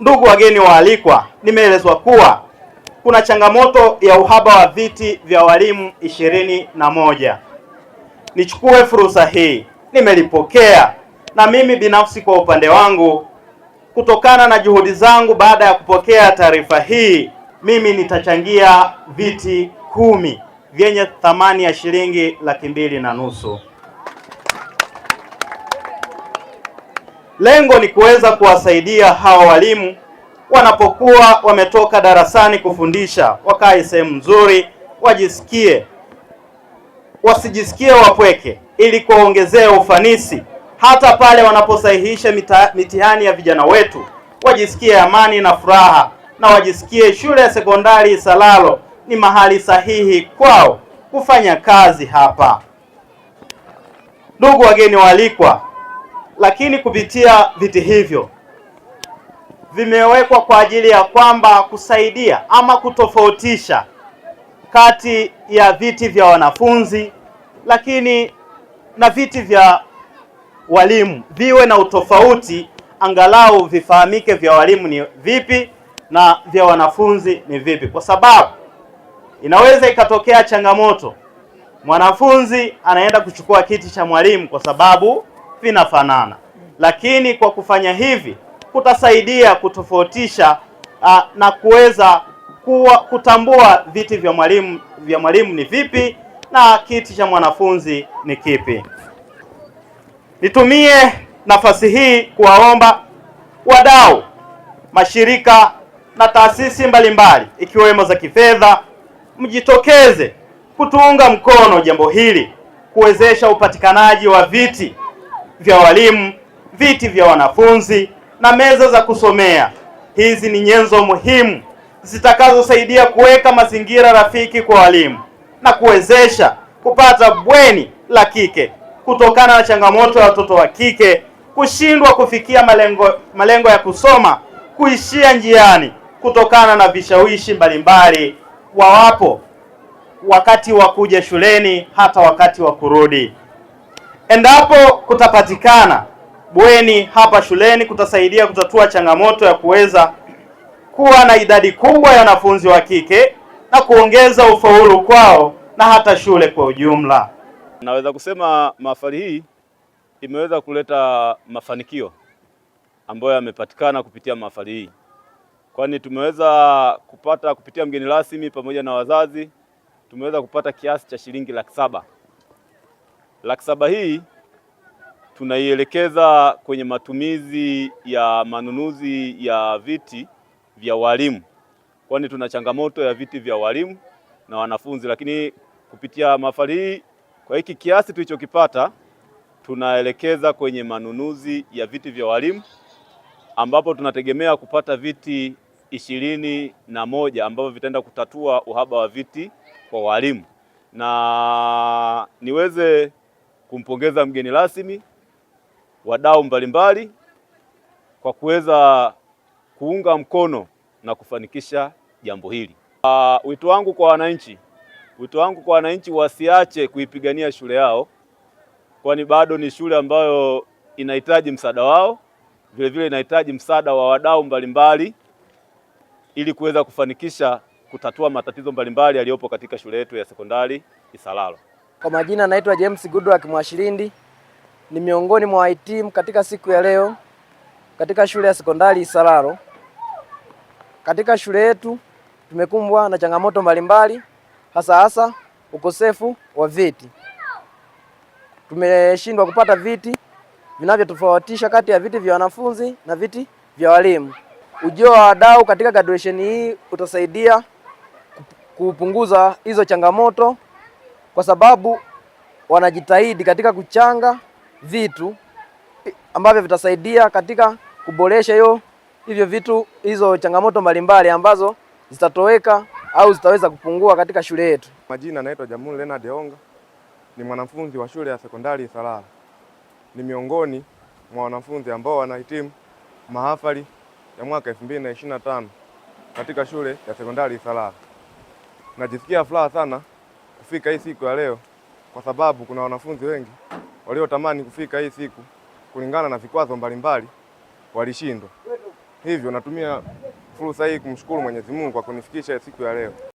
Ndugu wageni waalikwa, nimeelezwa kuwa kuna changamoto ya uhaba wa viti vya walimu ishirini na moja. Nichukue fursa hii, nimelipokea na mimi binafsi kwa upande wangu, kutokana na juhudi zangu, baada ya kupokea taarifa hii, mimi nitachangia viti kumi vyenye thamani ya shilingi laki mbili na nusu. Lengo ni kuweza kuwasaidia hawa walimu wanapokuwa wametoka darasani kufundisha, wakae sehemu nzuri, wajisikie, wasijisikie wapweke, ili kuwaongezea ufanisi. Hata pale wanaposahihisha mitihani ya vijana wetu, wajisikie amani na furaha, na wajisikie shule ya sekondari Isalalo ni mahali sahihi kwao kufanya kazi hapa. Ndugu wageni waalikwa lakini kupitia viti hivyo vimewekwa kwa ajili ya kwamba kusaidia ama kutofautisha kati ya viti vya wanafunzi lakini na viti vya walimu viwe na utofauti, angalau vifahamike vya walimu ni vipi na vya wanafunzi ni vipi, kwa sababu inaweza ikatokea changamoto, mwanafunzi anaenda kuchukua kiti cha mwalimu kwa sababu vinafanana, lakini kwa kufanya hivi kutasaidia kutofautisha uh, na kuweza kuwa kutambua viti vya mwalimu vya mwalimu ni vipi na kiti cha mwanafunzi ni kipi. Nitumie nafasi hii kuwaomba wadau, mashirika na taasisi mbalimbali ikiwemo za kifedha mjitokeze kutuunga mkono jambo hili kuwezesha upatikanaji wa viti vya walimu, viti vya wanafunzi na meza za kusomea. Hizi ni nyenzo muhimu zitakazosaidia kuweka mazingira rafiki kwa walimu na kuwezesha kupata bweni la kike kutokana na changamoto ya watoto wa kike kushindwa kufikia malengo, malengo ya kusoma kuishia njiani kutokana na vishawishi mbalimbali wawapo wakati wa kuja shuleni hata wakati wa kurudi. Endapo kutapatikana bweni hapa shuleni, kutasaidia kutatua changamoto ya kuweza kuwa na idadi kubwa ya wanafunzi wa kike na kuongeza ufaulu kwao na hata shule kwa ujumla. Naweza kusema mahafali hii imeweza kuleta mafanikio ambayo yamepatikana kupitia mahafali hii, kwani tumeweza kupata kupitia mgeni rasmi pamoja na wazazi tumeweza kupata kiasi cha shilingi laki saba Laki saba hii tunaielekeza kwenye matumizi ya manunuzi ya viti vya walimu, kwani tuna changamoto ya viti vya walimu na wanafunzi, lakini kupitia mahafali hii kwa hiki kiasi tulichokipata tunaelekeza kwenye manunuzi ya viti vya walimu ambapo tunategemea kupata viti ishirini na moja ambavyo vitaenda kutatua uhaba wa viti kwa walimu na niweze kumpongeza mgeni rasmi, wadau mbalimbali kwa kuweza kuunga mkono na kufanikisha jambo hili. Uh, wito wangu kwa wananchi, wito wangu kwa wananchi wasiache kuipigania shule yao, kwani bado ni shule ambayo inahitaji msaada wao, vile vile inahitaji msaada wa wadau mbalimbali ili kuweza kufanikisha kutatua matatizo mbalimbali yaliyopo katika shule yetu ya sekondari Isalalo. Kwa majina naitwa James Goodluck mwashirindi ni miongoni mwa wahitimu katika siku ya leo katika shule ya sekondari isararo Katika shule yetu tumekumbwa na changamoto mbalimbali, hasa hasa ukosefu wa viti. Tumeshindwa kupata viti vinavyotofautisha kati ya viti vya wanafunzi na viti vya walimu. Ujio wa wadau katika graduation hii utasaidia kupunguza hizo changamoto kwa sababu wanajitahidi katika kuchanga vitu ambavyo vitasaidia katika kuboresha hiyo hivyo vitu hizo changamoto mbalimbali ambazo zitatoweka au zitaweza kupungua katika shule yetu. Majina naitwa Jamhuri Leonard Onga, ni mwanafunzi wa shule ya sekondari Isalala, ni miongoni mwa wanafunzi ambao wanahitimu mahafali ya mwaka 2025 katika shule ya sekondari Isalala. Najisikia furaha sana kufika hii siku ya leo, kwa sababu kuna wanafunzi wengi waliotamani kufika hii siku, kulingana na vikwazo mbalimbali walishindwa. Hivyo natumia fursa hii kumshukuru Mwenyezi Mungu kwa kunifikisha siku ya leo.